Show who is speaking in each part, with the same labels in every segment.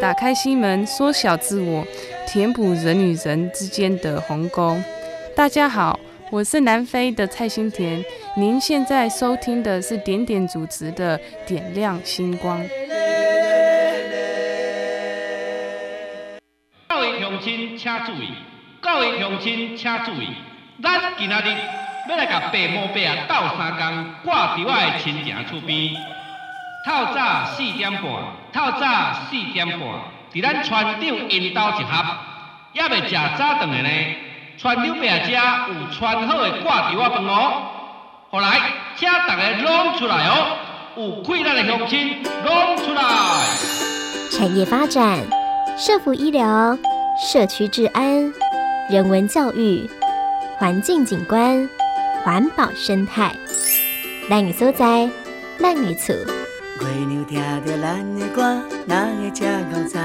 Speaker 1: 打開心門，縮小自我，填補人與人之間的鴻溝。大家好，我是南非的蔡心田。您現在收聽的是點點主持的《點亮星光》。各位鄉親，請注意！各位鄉親，請注意！
Speaker 2: 咱今仔日要來甲
Speaker 1: 白毛伯鬥三工，掛在我親情厝邊。透早四點半，透早四點半，佇咱船長引導集合，還袂食早餐的呢。船長備啊，有穿好的掛佇我飯盒、喔。後來？請大家攏出來哦、喔，有困難的鄉親
Speaker 3: 攏出來。產業發展、社福醫療、社區治安、人文教育、環境景觀、環保生態，咱的所在，男女處。月亮
Speaker 2: 聽着咱的歌，咱的這牛車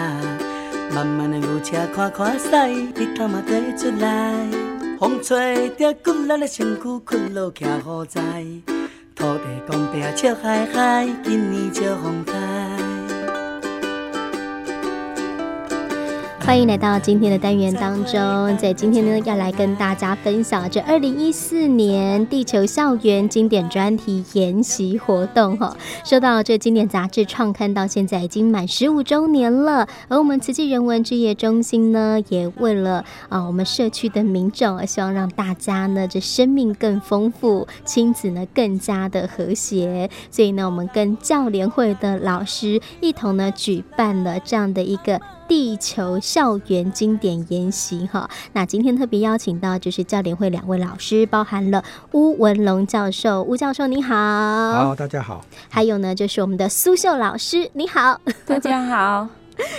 Speaker 2: 慢慢的牛車看看曬，日頭嘛追出來。風吹着捲咱的身軀，困了站雨在。土地公伯笑哈哈，今年笑風台。
Speaker 3: 歡迎來到今天的單元當中，在今天呢要來跟大家分享這二零一四年地球校園經典專題研習活動吼，說到這經典雜誌創刊到現在已經滿十五周年了，而我們慈濟人文志業中心呢，也為了啊、呃、我們社區的民眾，希望讓大家呢這生命更豐富，親子呢更加的和諧，所以呢我們跟教聯會的老師一同呢舉辦了這樣的一個。地球校園經典研習哈，那今天特別邀請到就是教聯會兩位老師，包含了巫文隆教授，巫教授你好，好，大家好，還有呢就是我們的蘇秀老師，你好，大家好。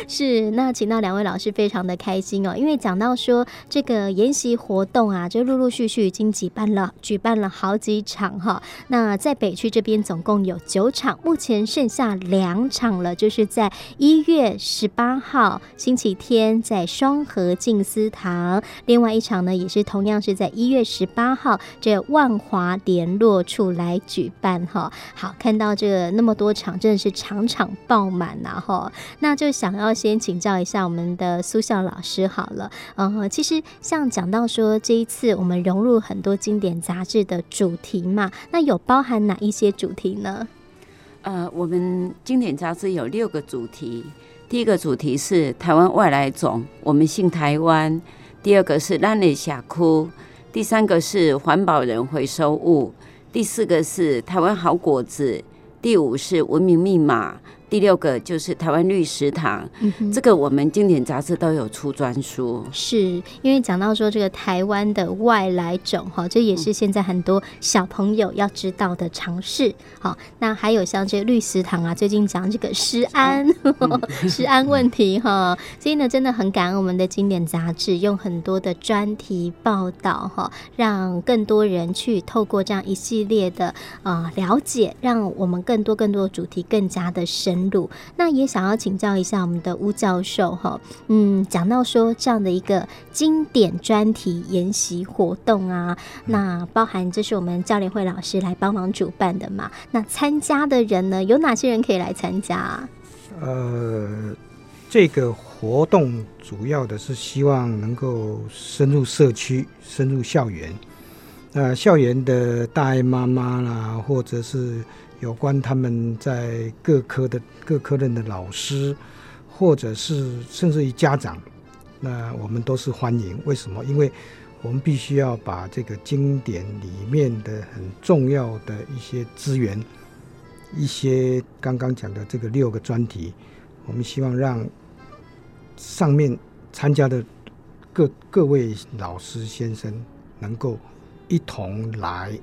Speaker 3: 是，那請到兩位老師非常的開心哦，因為講到說這個研習活動啊，就陸陸續續已經舉辦了舉辦了好幾場哈。那在北區這邊總共有九場，目前剩下兩場了，就是在一月十八號星期天在雙和靜思堂，另外一場呢也是同樣是在一月十八號，這萬華聯絡處來舉辦哈。好，看到這那麼多場，真的是場場爆滿啊哈，那就想。想要先請教一下我們的蘇秀老師好了。嗯，其實像講到說這一次我們融入很多經典雜誌的主題嘛，那有包含哪一些主題呢？
Speaker 2: 呃，我們經典雜誌有六個主題。第一個主題是台灣外來種，我們姓台灣；第二個是讓你想哭；第三個是環保人回收物；第四個是台灣好果子；第五是文明密碼。第六個就是台灣綠食堂，嗯、哼這個我們經典雜誌都有出專書，
Speaker 3: 是因為講到說這個台灣的外來種哈，這也是現在很多小朋友要知道的常識。好，那還有像這綠食堂啊，最近講這個食安食、嗯、安問題哈，所以呢真的很感恩我們的經典雜志用很多的專題報道哈，讓更多人去透過這樣一系列的啊、呃、了解，讓我們更多更多的主題更加的深。嗯、那也想要請教一下我們的巫教授哈，嗯，講到說這樣的一個經典專題研習活動啊，那包含這是我們教練會老師來幫忙主辦的嘛？那參加的人呢，有哪些人可以來參加啊？
Speaker 1: 呃，這個活動主要的是希望能夠深入社區、深入校園，那、呃、校園的大愛媽媽啦，或者是。有關他們在各科的各科任的老師，或者是甚至於家長，那我們都是歡迎。為什麼？因為我們必須要把這個經典裡面的很重要的一些資源，一些剛剛講的這個六個專題，我們希望讓上面參加的各各位老師先生能夠一同來。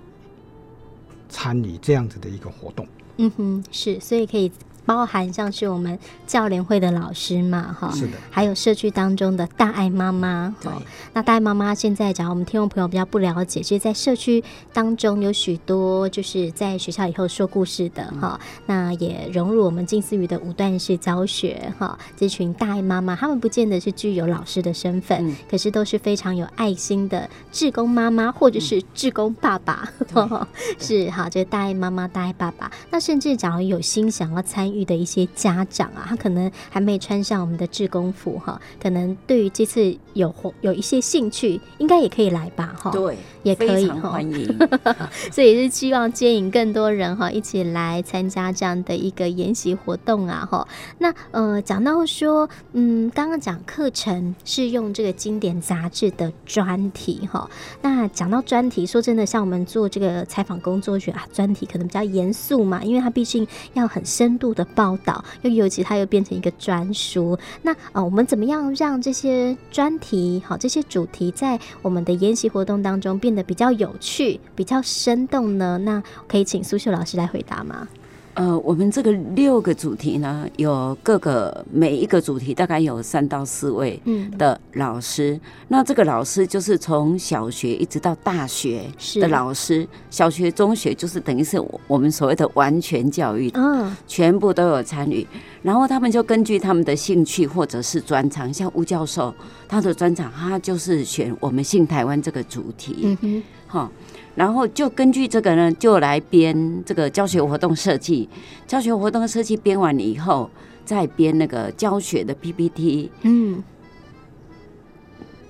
Speaker 1: 參與這樣子的一個活動，
Speaker 3: 嗯哼，是，所以可以。包含像是我們教聯會的老師嘛，哈，是的，還有社區當中的大愛媽媽，對那大愛媽媽現在，假如我們聽眾朋友比較不了解，其實，在社區當中有許多就是在學校以後說故事的，哈、嗯，那也融入我們靜思語的五段式教學，哈，這群大愛媽媽，他們不見得是具有老師的身份，嗯、可是都是非常有愛心的志工媽媽或者是志工爸爸，嗯、是好，就是大愛媽媽、大愛爸爸，那甚至假如有心想要參與。的一些家長啊，他可能還沒穿上我們的志工服哈、啊，可能對於這次有有一些興趣，應該也可以來吧哈，對，也可以歡迎吼呵呵呵，所以也是希望接引更多人哈、啊，一起來參加這樣的一個研習活動啊哈。那呃，講到說，嗯，剛剛講課程是用這個經典雜誌的專題哈，那講到專題，說真的，像我們做這個採訪工作學，覺得啊，專題可能比較嚴肅嘛，因為它畢竟要很深度的。報道又尤其，它又變成一個專書。那啊、哦，我們怎麼樣讓這些專題、好、哦、這些主題，在我們的研習活動當中變得比較有趣、比較生動呢？那可以請蘇秀老師來回答嗎？
Speaker 2: 呃，我們這個六個主題呢，有各個每一個主題大概有三到四位的老師。嗯、那這個老師就是從小學一直到大學的老師，是小學、中學就是等於是我們所謂的完全教育的，嗯、哦，全部都有參與。然後他們就根據他們的興趣或者是專長，像巫教授他的專長，他就是選我們信台灣這個主題，嗯哼然後就根據這個呢，就來編這個教學活動設計。教學活動設計編完了以後，再編那個教學的 PPT。嗯。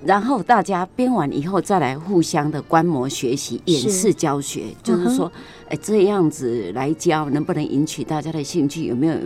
Speaker 2: 然後大家編完以後，再來互相的觀摩學習、是演示教學，就是說，哎、嗯哼，這樣子來教，能不能引起大家的興趣？有沒有？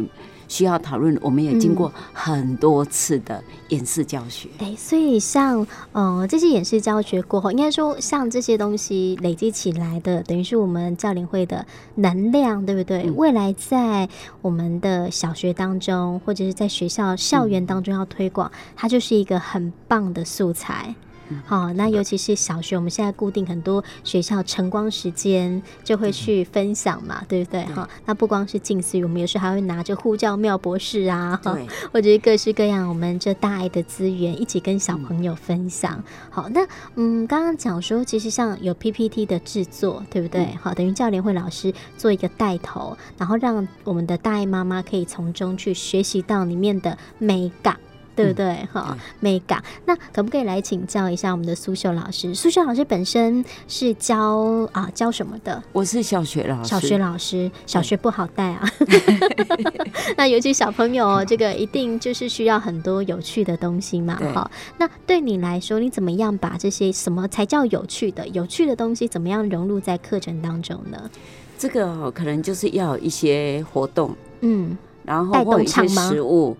Speaker 2: 需要討論，我們也經過很多次的演示教學。對、嗯欸，所以
Speaker 3: 像嗯、呃、這些演示教學過後，應該說像這些東西累積起來的，等於是我們教聯會的能量，對不對？嗯、未來在我們的小學當中，或者是在學校校園當中要推廣，嗯、它就是一個很棒的素材。嗯、好，那尤其是小學，我們現在固定很多學校晨光時間就會去分享嘛，對，對不對？哈，對，那不光是靜思語，我們有時候還會拿着呼叫妙博士啊，對，或者是各式各樣我們這大愛的資源一起跟小朋友分享。嗯、好，那嗯，剛剛講說，其實像有 PPT 的制作，對不對？嗯、好，等於教聯會老師做一個帶頭，然後讓我們的大愛媽媽可以從中去學習到裡面的美感。對不對哈、嗯哦？美感。那可不可以來請教一下我們的蘇秀老師？蘇秀老師本身是教啊教什麼的？
Speaker 2: 我是小學老師，小學老師，小學不好帶啊。嗯、
Speaker 3: 那尤其小朋友、哦，這個一定就是需要很多有趣的東西嘛。哈對、哦，那對你來說，你怎麼樣把這些什麼才叫有趣的、有趣的東西，怎麼樣融入在課程當
Speaker 2: 中呢？這個、哦、可能就是要一些活動，嗯，然後帶動一些食物。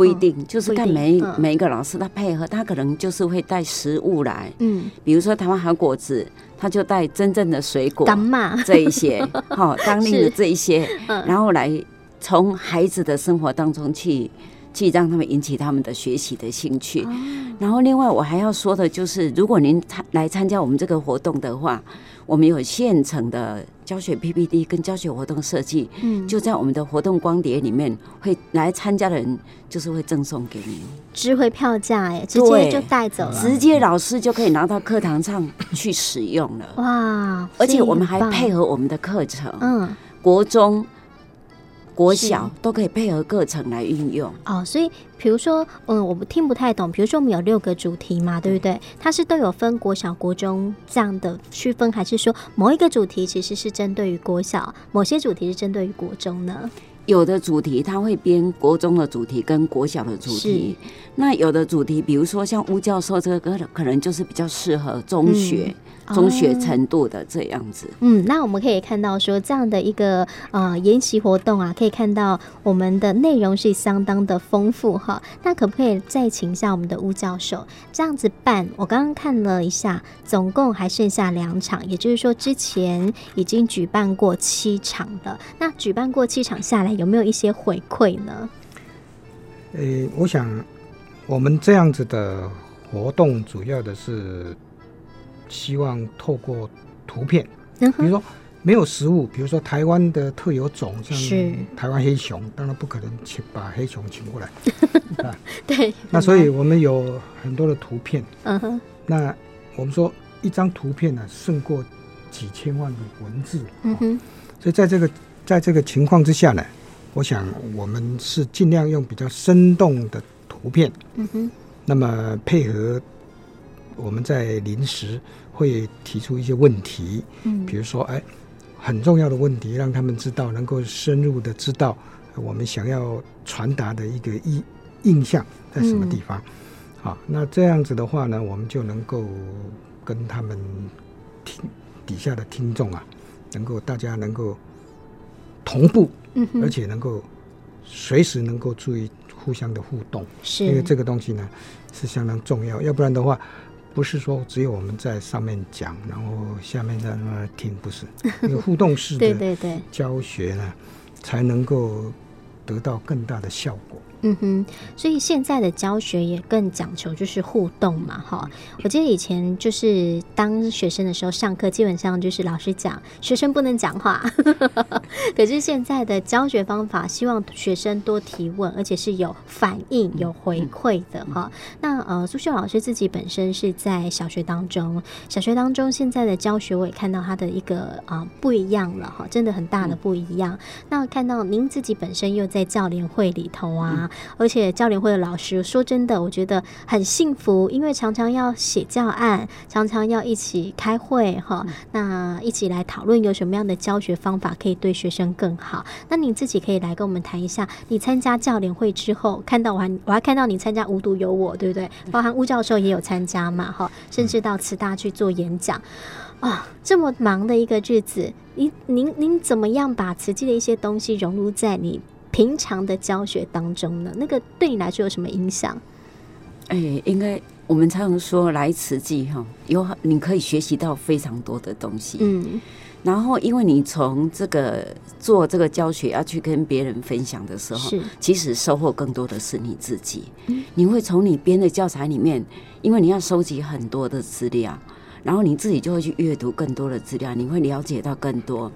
Speaker 2: 不一定，就是看每、嗯一嗯、每一個老師的配合，他可能就是會帶食物來，嗯，比如說台灣好果子，他就帶真正的水果，幹嘛甘嬤 這一些，好 當地的這一些，是然後來從孩子的生活當中去、嗯、去讓他們引起他們的學習的興趣。嗯、然後另外我還要說的就是，如果您參來參加我們這個活動的話，我們有現成的教學 PPT 跟教學活動設計，嗯，就在我們的活動光碟裡面，會來參加的人就是會贈送給您，
Speaker 3: 值回票價耶，直接就帶走了，對吧直
Speaker 2: 接老師就可以拿到課堂上去使用了，
Speaker 3: 哇！而且我們還配合
Speaker 2: 我們的課程，嗯，國中。國小都可以配合各層來運用
Speaker 3: 哦，所以比如說，嗯，我們聽不太懂。比如說，我們有六個主題嘛，對不對？它是都有分國小、國中這樣的區分，還是說某一個主題其實是針對於國小，某些主題是針對於國中呢？
Speaker 2: 有的主題他會編國中的主題跟國小的主題，是那有的主題，比如說像巫教授這個歌，可能就是比較適合中學、嗯、中學程度的這樣子。嗯，
Speaker 3: 那我們可以看到說這樣的一個呃研習活動啊，可以看到我們的內容是相當的豐富哈。那可不可以再請一下我們的巫教授這樣子辦？我剛剛看了一下，總共還剩下兩場，也就是說之前已經舉辦過七場了。那舉辦過七場下來。有沒有一些回饋呢？誒、
Speaker 1: 欸，我想我們這樣子的活動，主要的是希望透過圖片，嗯、哼比如說沒有實物，比如說台灣的特有種，像是台灣黑熊，當然不可能請把黑熊請過來
Speaker 3: 啊。對，那所以我
Speaker 1: 們有很多的圖片。嗯
Speaker 3: 哼，
Speaker 1: 那我們說一張圖片呢，啊，勝過幾千萬的文字。哦，嗯哼，所以在這個在這個情況之下呢。我想，我們是盡量用比較生動的圖片，嗯哼，那麼配合我們在臨時會提出一些問題，嗯，比如說，哎，很重要的問題，讓他們知道，能夠深入的知道我們想要傳達的一個意印象在什麼地方。嗯、好，那這樣子的話呢，我們就能夠跟他們聽底下的聽眾啊，能夠大家能夠。同步，而且能夠隨時能夠注意互相的互動，是因為這個東西呢是相當重要。要不然的話，不是說只有我們在上面講，然後下面在那兒聽，不是？互動式的教學呢， 對對對，才能夠得到更大的效果。
Speaker 3: 嗯哼，所以現在的教學也更講求就是互動嘛，哈。我記得以前就是當學生的時候上課，基本上就是老師講，學生不能講話。呵呵呵可是現在的教學方法，希望學生多提問，而且是有反應、有回饋的，哈。那呃，蘇秀老師自己本身是在小學當中，小學當中現在的教學我也看到他的一個啊、呃、不一樣了，哈，真的很大的不一樣。那看到您自己本身又在教聯會裡頭啊。而且教聯會的老師說真的，我覺得很幸福，因為常常要寫教案，常常要一起開會哈。那一起來討論有什麼樣的教學方法可以對學生更好。那你自己可以來跟我們談一下，你參加教聯會之後，看到我還我還看到你參加無獨有我，對不對？包含巫教授也有參加嘛，哈，甚至到慈大去做演講啊、哦。這麼忙的一個日子，你您您怎麼樣把慈濟的一些東西融入在你？平常的教學當中呢，那個對你來說有什麼影響？
Speaker 2: 哎、欸，應該我們常說來慈濟哈、喔，有你可以學習到非常多的東西。嗯，然後因為你從這個做這個教學要去跟別人分享的時候，是其實收穫更多的是你自己。嗯，你會從你編的教材裡面，因為你要收集很多的資料，然後你自己就會去閱讀更多的資料，你會了解到更多。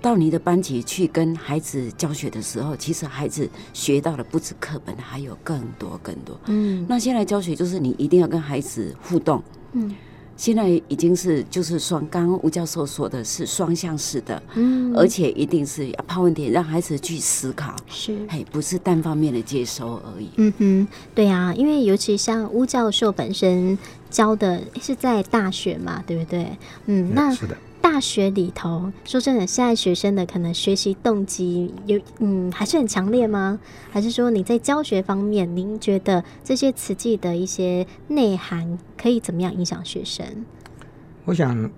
Speaker 2: 到你的班級去跟孩子教學的時候，其實孩子學到的不止課本，還有更多更多。嗯，那現在教學就是你一定要跟孩子互動。嗯，現在已經是就是雙，剛剛巫教授說的是雙向式的。嗯，而且一定是拋、啊、問題，讓孩子去思考。是，嘿，不是單方面的接收而已。嗯哼，
Speaker 3: 對啊，因為尤其像巫教授本身教的是在大學嘛，對不對？嗯，那是的。大學裡頭，說真的，現在學生的可能學習動機有，嗯，還是很強烈嗎？還是說你在教學方面，您覺得這些詞句的一些內涵可以怎麼樣影響學生？
Speaker 1: 我想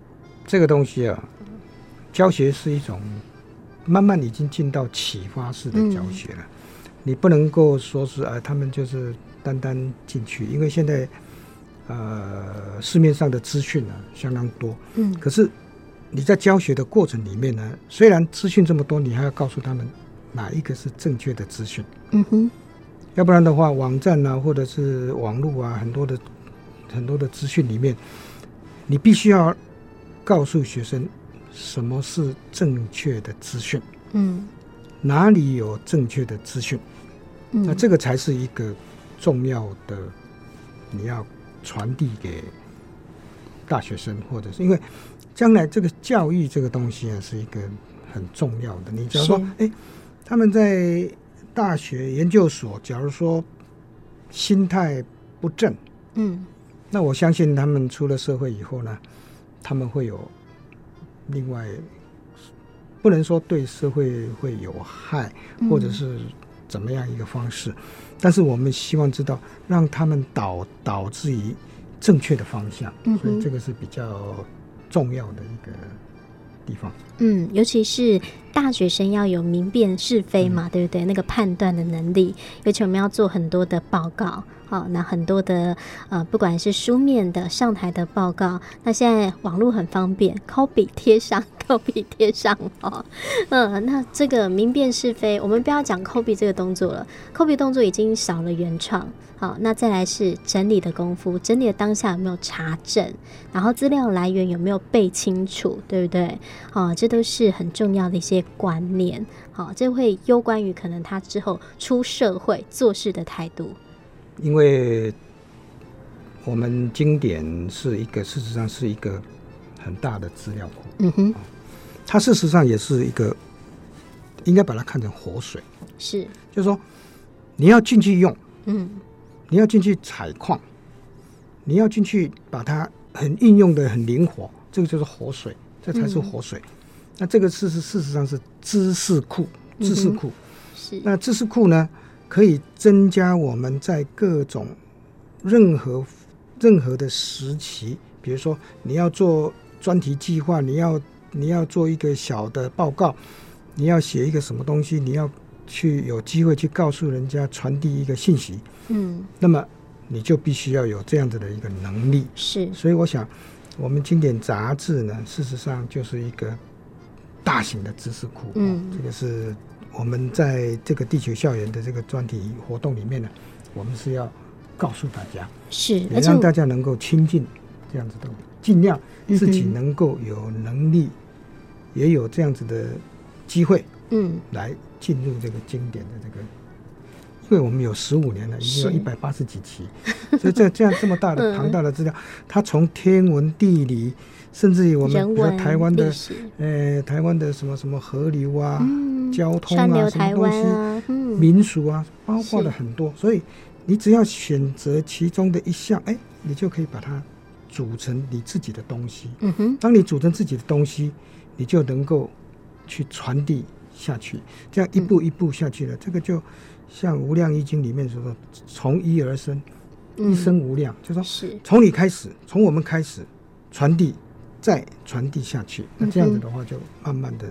Speaker 1: 這個東西啊，教學是一種慢慢已經進到啟發式的教學了。嗯，你不能夠說是啊，他們就是單單進去，因為現在呃市面上的資訊啊相當多，嗯，可是。你在教學的過程裡面呢，雖然資訊這麼多，你還要告訴他們哪一個是正確的資訊。嗯
Speaker 3: 哼，
Speaker 1: 要不然的話，網站呢、啊，或者是網絡啊，很多的很多的資訊裡面，你必須要告訴學生什麼是正確的資訊。嗯，哪裡有正確的資訊？
Speaker 2: 嗯、那這個
Speaker 1: 才是一個重要的，你要傳遞給大學生或者是因為。將來這個教育這個東西啊，是一個很重要的。你假如說，哎是，他們在大學研究所，假如說心態不正，嗯，那我相信他們出了社會以後呢，他們會有另外，不能說對社會會有害，或者是怎麼樣一個方式。嗯、但是我們希望知道，讓他們導導致於正確的方向。嗯哼，所以這個是比較。重要的一個地方，
Speaker 3: 嗯，尤其是。大學生要有明辨是非嘛，嗯、對不對？那個判斷的能力，尤其我們要做很多的報告，好、哦，那很多的呃，不管是書面的、上台的報告，那現在網絡很方便，copy 貼上，copy 貼上哦，嗯、呃，那這個明辨是非，我們不要講 copy 這個動作了 ，copy 動作已經少了原創，好、哦，那再來是整理的功夫，整理的當下有沒有查證，然後資料來源有沒有背清楚，對不對？好、哦，這都是很重要的一些。觀念好，這會攸關於可能他之後出社會做事的態度。
Speaker 1: 因為我們經典是一個，事實上是一個很大的資料庫。
Speaker 3: 嗯哼，
Speaker 1: 它事實上也是一個，應該把它看成活水。
Speaker 3: 是，就
Speaker 1: 是說你要進去用，
Speaker 3: 嗯，
Speaker 1: 你要進去採礦，你要進去把它很運用的很靈活，這個就是活水，這才是活水。嗯那這個事實事實上是知識庫，知識庫。嗯、是。那知識庫呢，可以增加我們在各種任何任何的時期，比如說你要做專題計劃，你要你要做一個小的報告，你要寫一個什麼東西，你要去有機會去告訴人家傳遞一個信息。嗯。那麼你就必須要有這樣子的一個能力。是。所以我想，我們經典雜誌呢，事實上就是一個。大型的知識庫，嗯，這個是我們在這個地球校園的這個專題活動裡面呢、啊，我們是要告訴大家，是也讓大家能夠親近這樣子的，盡量自己能夠有能力，也有這樣子的機會，嗯，來進入這個經典的這個，因為我們有十五年了，已經有一百八十幾期，所以這這樣這麼大的龐大的資料，它從天文地理。甚至於我們，比如台灣的，文呃，台灣的什麼什麼河流啊，嗯、交通啊，啊什麼東西，嗯、民俗啊，包括了很多。是所以你只要選擇其中的一項，哎、欸，你就可以把它組成你自己的東西。嗯、哼當你組成自己的東西，你就能夠去傳遞下去。這樣一步一步下去了，嗯、這個就像《無量義經》裡面說的“從一而生，
Speaker 2: 一生
Speaker 1: 無量”，嗯、就說從你開始，從、嗯、我們開始傳遞。再傳遞下去，那這樣子的話，就慢慢的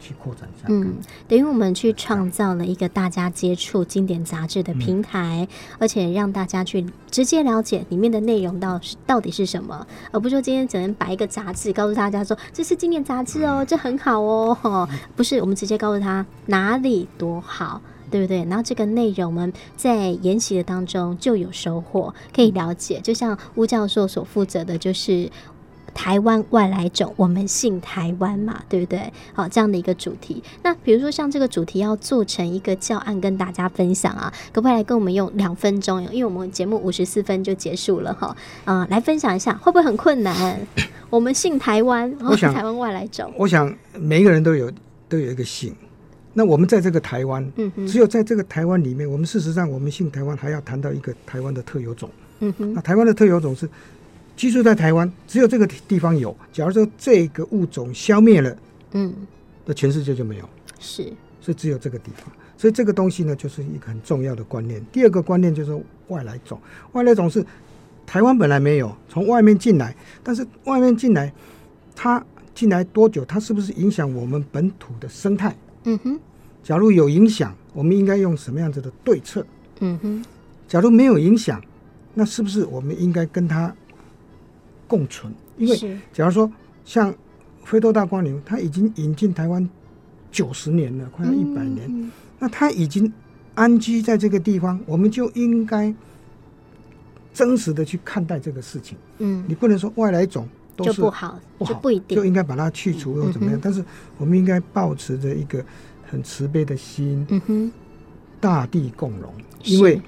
Speaker 1: 去擴展一下。
Speaker 3: 嗯，等於我們去創造了一個大家接觸經典雜誌的平台，嗯、而且讓大家去直接了解裡面的內容到到底是什麼，而不是說今天只能擺一個雜誌，告訴大家說，這是經典雜誌哦，嗯、這很好哦。嗯、不是，我們直接告訴他哪裡多好，對不對？然後這個內容我們在研習的當中就有收穫，可以了解。嗯、就像巫教授所負責的，就是。台灣外來種，我們姓台灣嘛，對不對？好，這樣的一個主題。那比如說像這個主題要做成一個教案跟大家分享啊，可不可以來跟我們用兩分鐘？因為我們節目五十四分就結束了哈。啊、嗯，來分享一下，會不會很困難？我想，我們姓台灣，我想台灣外來種。我
Speaker 1: 想每一個人都有都有一個姓，那我們在這個台灣，嗯，只有在這個台灣裡面，嗯哼，我們事實上我們姓台灣，還要談到一個台灣的特有種。嗯哼，那台灣的特有種是。居住在台灣，只有這個地方有。假如說這個物種消滅了，嗯，那全世界就沒有，嗯、是，所以只有這個地方。所以這個東西呢，就是一個很重要的觀念。第二個觀念就是外來種，外來種是台灣本來沒有，從外面進來，但是外面進來，它進來多久，它是不是影響我們本土的生態？嗯
Speaker 3: 哼。
Speaker 1: 假如有影響，我們應該用什麼樣子的對策？嗯
Speaker 3: 哼。
Speaker 1: 假如沒有影響，那是不是我們應該跟它？共存，因為假如說像非洲大蝸牛，它已經引進台灣九十年了，快要一百年，嗯、那它已經安居在這個地方，我們就應該真實的去看待這個事情。嗯，你不能說外來種都是不好，就不好，就不一定就應該把它去除又怎麼樣。嗯嗯、但是我們應該保持着一個很慈悲的心，嗯哼，大地共融，是因為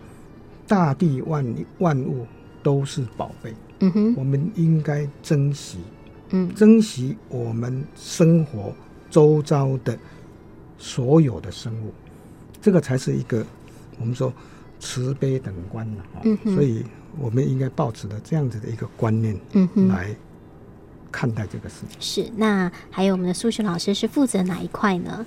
Speaker 1: 大地萬萬物都是寶貝。嗯哼，我們應該珍惜，嗯，珍惜我們生活周遭的所有的生物，這個才是一個我們說慈悲等觀的、啊嗯、哼所以我們應該抱持的這樣子的一個觀念，嗯，來看待這個事情。
Speaker 3: 是，那還有我們的蘇秀老師是負責哪一塊呢？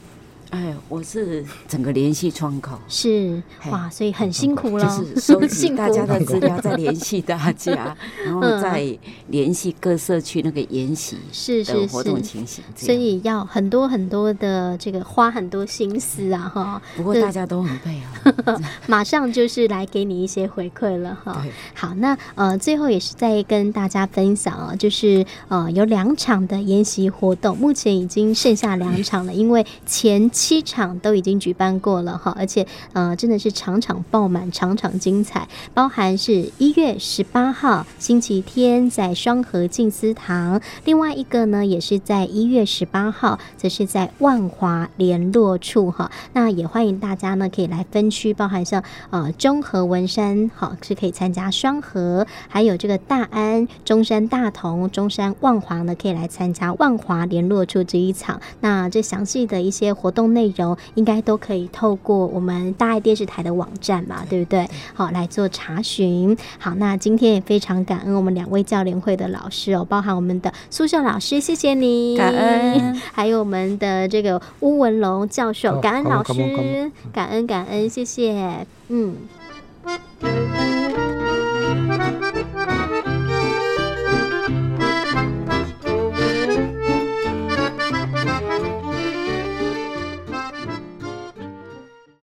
Speaker 2: 哎，我是整個聯繫窗口是哇，
Speaker 3: 所以很辛苦了，嗯，就是收集大家的資料，福再聯繫大家， 然後再
Speaker 2: 聯繫各社區那個研習是是活動情形，所以
Speaker 3: 要很多很多的這個花很多心思啊哈。不過大家都很配合就呵呵，馬上就是來給你一些回饋了哈。 好，那呃最後也是再跟大家分享啊、哦，就是呃有兩場的研習活動，目前已經剩下兩場了， 因為前幾。七場都已經舉辦過了哈，而且呃真的是場場爆滿，場場精彩。包含是一月十八號星期天在雙和靜思堂，另外一個呢也是在一月十八號，則、就是在萬華聯絡處哈。那也歡迎大家呢可以來分區，包含像呃中和文山好是可以參加雙和，還有這個大安、中山、大同、中山萬華呢可以來參加萬華聯絡處這一場。那這詳細的一些活動內容應該都可以透過我們大愛電視台的網站嘛，對不對？好，來做查詢。好，那今天也非常感恩我們兩位教聯會的老師哦，包含我們的蘇秀老師，謝謝你，感恩；還有我們的這個巫文隆教授，感恩老師，哦、感恩感恩，感恩，謝謝。嗯。嗯